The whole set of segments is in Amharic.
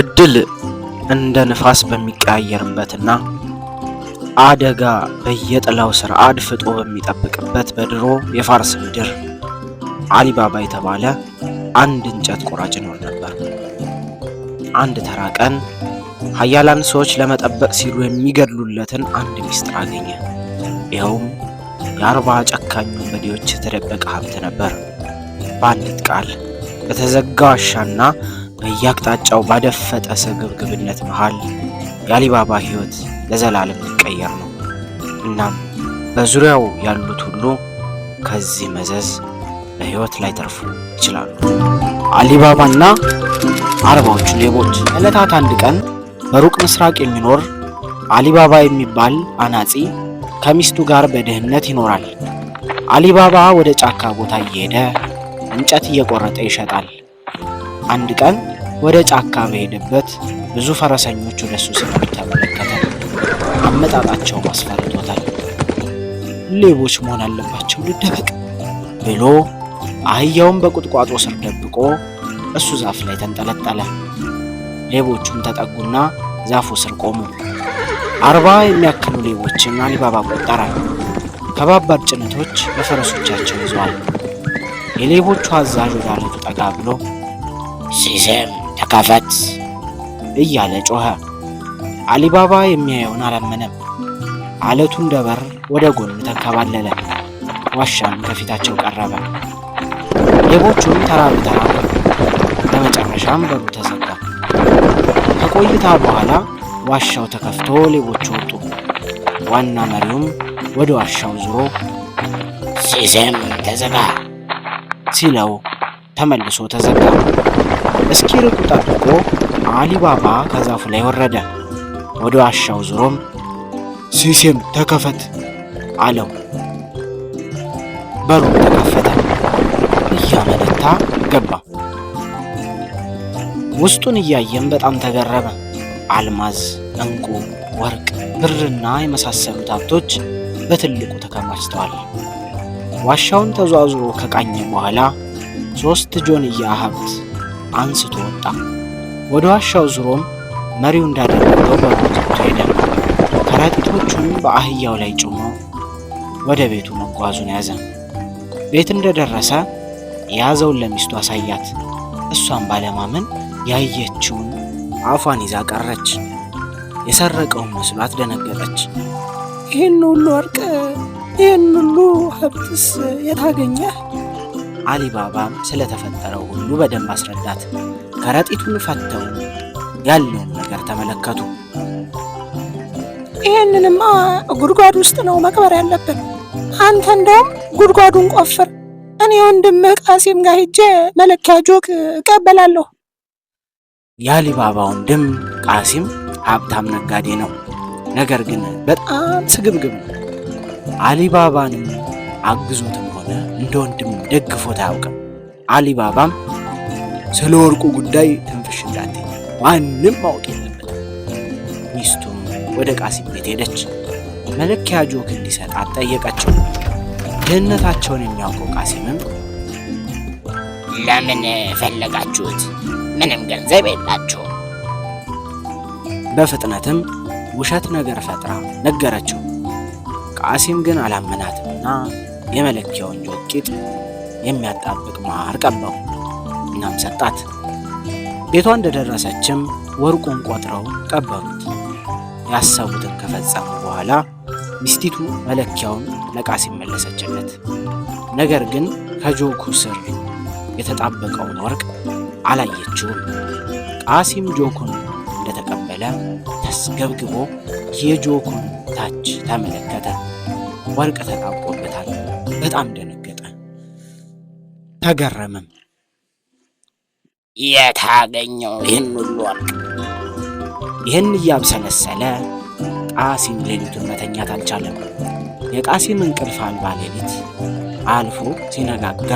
እድል እንደ ንፋስ በሚቀያየርበትና አደጋ በየጥላው ስር አድፍጦ በሚጠብቅበት በድሮ የፋርስ ምድር አሊባባ የተባለ አንድ እንጨት ቆራጭ ይኖር ነበር። አንድ ተራ ቀን ሀያላን ሰዎች ለመጠበቅ ሲሉ የሚገድሉለትን አንድ ሚስጥር አገኘ። ይኸውም የአርባ ጨካኝ ወንበዴዎች የተደበቀ ሀብት ነበር። በአንዲት ቃል በተዘጋ ዋሻና በየአቅጣጫው ባደፈጠ ስግብግብነት መሃል የአሊባባ ህይወት ለዘላለም ሊቀየር ነው። እናም በዙሪያው ያሉት ሁሉ ከዚህ መዘዝ በህይወት ላይ ተርፉ ይችላሉ። አሊባባና አርባዎቹ ሌቦች። ዕለታት አንድ ቀን በሩቅ ምስራቅ የሚኖር አሊባባ የሚባል አናጺ ከሚስቱ ጋር በድህነት ይኖራል። አሊባባ ወደ ጫካ ቦታ እየሄደ እንጨት እየቆረጠ ይሸጣል። አንድ ቀን ወደ ጫካ በሄደበት ብዙ ፈረሰኞች ወደ እሱ ሲመጡ ተመለከተ። አመጣጣቸው አስፈርቶታል። ሌቦች መሆን አለባቸው፣ ልደበቅ ብሎ አህያውን በቁጥቋጦ ስር ደብቆ እሱ ዛፍ ላይ ተንጠለጠለ። ሌቦቹም ተጠጉና ዛፉ ስር ቆሙ። አርባ የሚያክሉ ሌቦችን አሊባባ ቆጠረ። ከባባድ ጭነቶች በፈረሶቻቸው ይዘዋል። የሌቦቹ አዛዥ ወዳለቱ ጠጋ ብሎ ሲሴም ተከፈት እያለ ጮኸ። አሊባባ የሚያየውን አላመነም። አለቱን ደበር ወደ ጎን ተንከባለለ። ዋሻም ከፊታቸው ቀረበ። ሌቦቹም ተራ በተራ በመጨረሻም በሩ ተዘጋ። ከቆይታ በኋላ ዋሻው ተከፍቶ ሌቦቹ ወጡ። ዋና መሪውም ወደ ዋሻው ዙሮ ሲሴም ተዘጋ ሲለው ተመልሶ ተዘጋ። እስኪርቁ ጠብቆ አሊባባ ከዛፉ ላይ ወረደ። ወደ ዋሻው ዙሮም ሲሴም ተከፈት አለው። በሩ ተከፈተ። እያመነታ ገባ። ውስጡን እያየም በጣም ተገረመ። አልማዝ፣ እንቁ፣ ወርቅ፣ ብርና የመሳሰሉት ሀብቶች በትልቁ ተከማችተዋል። ዋሻውን ተዟዙሮ ከቃኘ በኋላ ሶስት ጆንያ ሀብት አንስቶ ወጣ። ወደ ዋሻው ዙሮም መሪው እንዳደረገው በጉትቶ ሄደ። ከረጢቶቹን በአህያው ላይ ጭሞ ወደ ቤቱ መጓዙን ያዘ። ቤት እንደደረሰ የያዘውን ለሚስቱ አሳያት። እሷን ባለማመን ያየችውን አፏን ይዛ ቀረች። የሰረቀውን መስሏት ደነገጠች። ይህን ሁሉ ወርቅ፣ ይህን ሁሉ ሀብትስ የታገኘህ? አሊባባም ስለተፈጠረው ሁሉ በደንብ አስረዳት። ከረጢቱን ፈተው ያለውን ነገር ተመለከቱ። ይህንንማ ጉድጓድ ውስጥ ነው መቅበር ያለብን። አንተ እንደውም ጉድጓዱን ቆፍር፣ እኔ ወንድም ቃሲም ጋር ሄጄ መለኪያ ጆክ እቀበላለሁ። የአሊባባ ወንድም ቃሲም ሀብታም ነጋዴ ነው። ነገር ግን በጣም ስግብግብ ነው። አሊባባንም አግዙትም እንደ ወንድም ደግፎት አያውቅም። አሊባባም ስለ ወርቁ ጉዳይ ትንፍሽ እንዳትኛ ማንም ማወቅ የለበትም። ሚስቱም ወደ ቃሲም ቤት ሄደች። መለኪያ ጆክ እንዲሰጣት ጠየቀችው። ድህነታቸውን የሚያውቀው ቃሲምም ለምን ፈለጋችሁት? ምንም ገንዘብ የላችሁ። በፍጥነትም ውሸት ነገር ፈጥራ ነገረችው። ቃሲም ግን አላመናትምና የመለኪያውን ጆቂጥ የሚያጣብቅ ማር ቀባው። እናም ሰጣት። ቤቷ እንደደረሰችም ወርቁን ቆጥረው ቀበሩት። ያሰቡትን ከፈጸሙ በኋላ ሚስቲቱ መለኪያውን ለቃሲም መለሰችለት። ነገር ግን ከጆኩ ስር የተጣበቀውን ወርቅ አላየችውም። ቃሲም ጆኩን እንደተቀበለ ተስገብግቦ የጆኩን ታች ተመለከተ። ወርቅ ተጣብቆበታል። በጣም ደነገጠ፣ ተገረመም። የታገኘው ይህን ሁሉ ወርቅ? ይህን እያብሰለሰለ ቃሲም ሌሊቱን መተኛት አልቻለም። የቃሲም እንቅልፍ አልባ ሌሊት አልፎ ሲነጋጋ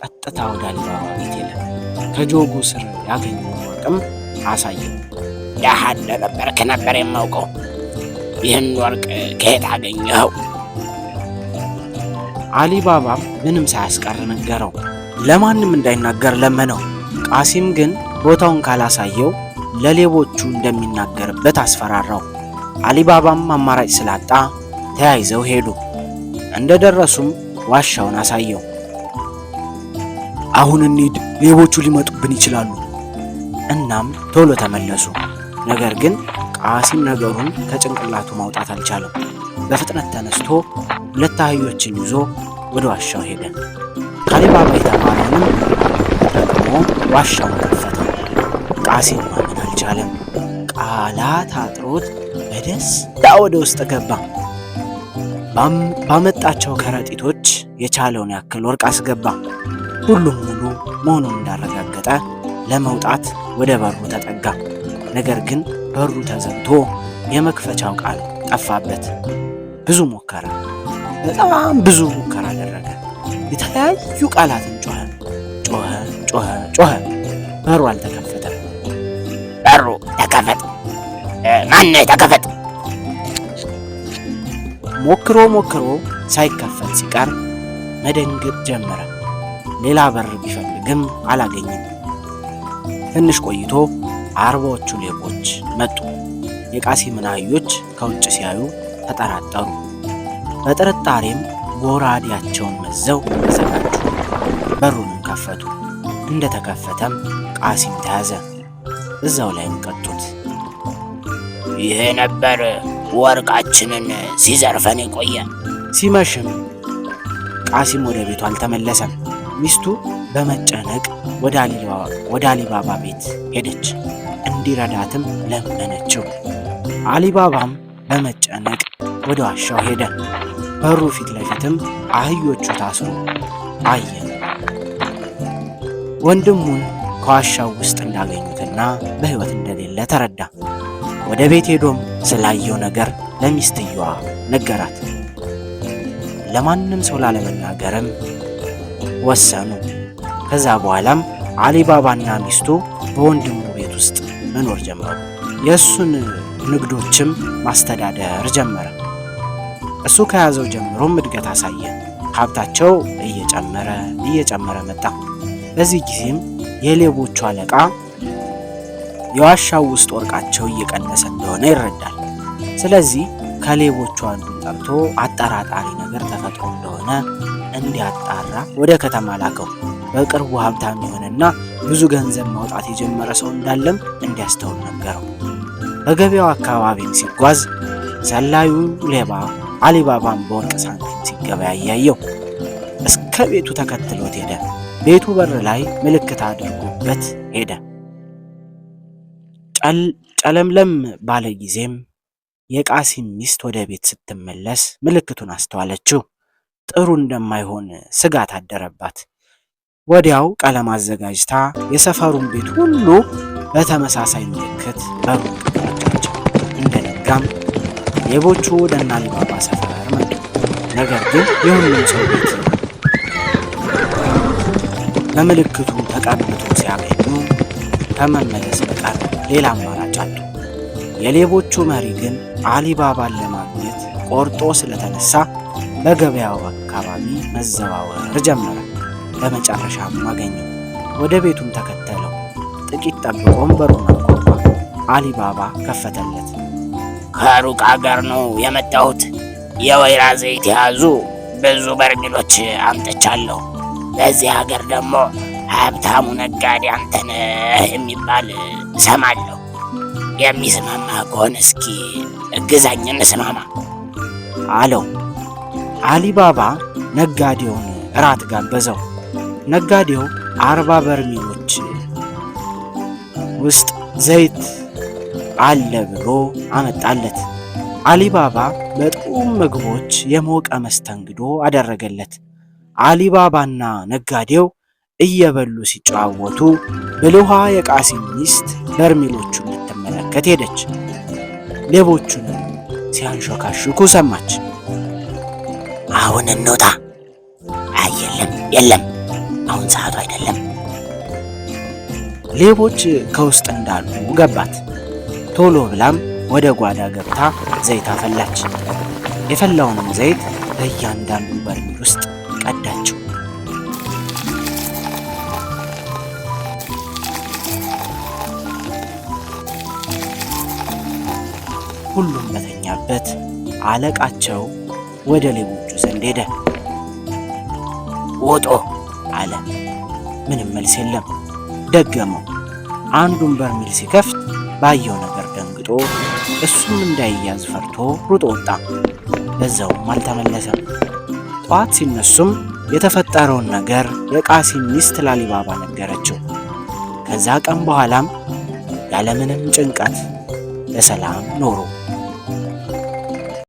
ቀጥታ ወዳለው ቤት የለም። ከጆጉ ስር ያገኘውን ወርቅም አሳየው። ደሃ እንደነበርክ ነበር የማውቀው። ይህን ወርቅ ከየት አገኘኸው? አሊባባም ምንም ሳያስቀር ነገረው። ለማንም እንዳይናገር ለመነው። ቃሲም ግን ቦታውን ካላሳየው ለሌቦቹ እንደሚናገርበት አስፈራራው። አሊባባም አማራጭ ስላጣ ተያይዘው ሄዱ። እንደደረሱም ዋሻውን አሳየው። አሁን እንሂድ፣ ሌቦቹ ሊመጡብን ይችላሉ። እናም ቶሎ ተመለሱ። ነገር ግን ቃሲም ነገሩን ከጭንቅላቱ ማውጣት አልቻለም። በፍጥነት ተነስቶ ሁለት አህዮችን ይዞ ወደ ዋሻው ሄደ። ካሊባባ የተባለውንም ደግሞ ዋሻውን ከፈተ። ቃሴን ማመን አልቻለም። ቃላት አጥሮት በደስታ ወደ ውስጥ ገባ። ባመጣቸው ከረጢቶች የቻለውን ያክል ወርቅ አስገባ። ሁሉም ሙሉ መሆኑን እንዳረጋገጠ ለመውጣት ወደ በሩ ተጠጋ። ነገር ግን በሩ ተዘግቶ የመክፈቻው ቃል ጠፋበት። ብዙ ሞከረ፣ በጣም ብዙ ሙከራ አደረገ። የተለያዩ ቃላትን ጮኸ፣ ጮኸ፣ ጮኸ፣ ጮኸ። በሩ አልተከፈተም። በሩ ተከፈት፣ ማነ የተከፈት? ሞክሮ ሞክሮ ሳይከፈት ሲቀር መደንገጥ ጀመረ። ሌላ በር ቢፈልግም አላገኝም። ትንሽ ቆይቶ አርባዎቹ ሌቦች መጡ። የቃሲምን አህዮች ከውጭ ሲያዩ ተጠራጠሩ። በጥርጣሬም ጎራዴያቸውን መዘው ተዘጋጁ። በሩንም ከፈቱ። እንደተከፈተም ቃሲም ተያዘ። እዛው ላይም ቀጡት። ይሄ ነበር ወርቃችንን ሲዘርፈን የቆየ። ሲመሽም ቃሲም ወደ ቤቱ አልተመለሰም። ሚስቱ በመጨነቅ ወደ አሊባባ ቤት ሄደች። እንዲረዳትም ለመነችው። አሊባባም በመጨነቅ ወደ ዋሻው ሄደ። በሩ ፊት ለፊትም አህዮቹ ታስሩ አየ። ወንድሙን ከዋሻው ውስጥ እንዳገኙትና በሕይወት እንደሌለ ተረዳ። ወደ ቤት ሄዶም ስላየው ነገር ለሚስትየዋ ነገራት። ለማንም ሰው ላለመናገርም ወሰኑ። ከዛ በኋላም አሊባባና ሚስቱ በወንድሙ ቤት ውስጥ መኖር ጀመሩ። የእሱን ንግዶችም ማስተዳደር ጀመረ። እሱ ከያዘው ጀምሮም እድገት አሳየ። ሀብታቸው እየጨመረ እየጨመረ መጣ። በዚህ ጊዜም የሌቦቹ አለቃ የዋሻው ውስጥ ወርቃቸው እየቀነሰ እንደሆነ ይረዳል። ስለዚህ ከሌቦቹ አንዱን ጠርቶ አጠራጣሪ ነገር ተፈጥሮ እንደሆነ እንዲያጣራ ወደ ከተማ ላከው። በቅርቡ ሀብታም የሆነና ብዙ ገንዘብ ማውጣት የጀመረ ሰው እንዳለም እንዲያስተውል ነገረው። በገበያው አካባቢም ሲጓዝ ዘላዩ ሌባ አሊባባን በወርቅ ሳንቲም ሲገበያ እያየው እስከ ቤቱ ተከትሎት ሄደ። ቤቱ በር ላይ ምልክት አድርጎበት ሄደ። ጨለምለም ባለ ጊዜም የቃሲም ሚስት ወደ ቤት ስትመለስ ምልክቱን አስተዋለችው። ጥሩ እንደማይሆን ስጋት አደረባት። ወዲያው ቀለም አዘጋጅታ የሰፈሩን ቤት ሁሉ በተመሳሳይ ምልክት በሩ እንደነጋም ሌቦቹ ወደ እነ አሊባባ ሰፈር መጡ። ነገር ግን የሁሉም ሰው ቤት በምልክቱ ተቀብቶ ሲያገኙ ከመመለስ በቀር ሌላ አማራጭ አሉ። የሌቦቹ መሪ ግን አሊባባን ለማግኘት ቆርጦ ስለተነሳ በገበያው አካባቢ መዘዋወር ጀመረ። በመጨረሻም አገኘ ወደ ቤቱም ተከተለው። ጥቂት ጠብቆም በሩን አንኳኳ። አሊባባ ከፈተለት። ከሩቅ አገር ነው የመጣሁት። የወይራ ዘይት የያዙ ብዙ በርሜሎች አምጥቻለሁ። በዚህ ሀገር ደግሞ ሀብታሙ ነጋዴ አንተነህ የሚባል ሰማለሁ። የሚስማማ ከሆነ እስኪ እግዛኝ እንስማማ አለው። አሊባባ ነጋዴውን እራት ጋበዘው። ነጋዴው አርባ በርሜሎች ውስጥ ዘይት አለ ብሎ አመጣለት። አሊባባ በጥሩም ምግቦች የሞቀ መስተንግዶ አደረገለት። አሊባባና ነጋዴው እየበሉ ሲጨዋወቱ ብልኋ የቃሲም ሚስት በርሜሎቹን ልትመለከት ሄደች። ሌቦቹን ሲያንሾካሹኩ ሰማች። አሁን እንውጣ። አይ የለም የለም፣ አሁን ሰዓቱ አይደለም። ሌቦች ከውስጥ እንዳሉ ገባት። ቶሎ ብላም ወደ ጓዳ ገብታ ዘይት አፈላች። የፈላውንም ዘይት በእያንዳንዱ በርሜል ውስጥ ቀዳችው። ሁሉም በተኛበት አለቃቸው ወደ ሌቦቹ ዘንድ ሄደ። ወጦ አለ። ምንም መልስ የለም። ደገመው። አንዱን በርሜል ሲከፍት ባየው ነገር አምልጦ እሱም እንዳይያዝ ፈርቶ ሩጦ ወጣ። በዛውም አልተመለሰም። ጠዋት ሲነሱም የተፈጠረውን ነገር የቃሲ ሚስት ላሊባባ ነገረችው። ከዛ ቀን በኋላም ያለምንም ጭንቀት በሰላም ኖሩ።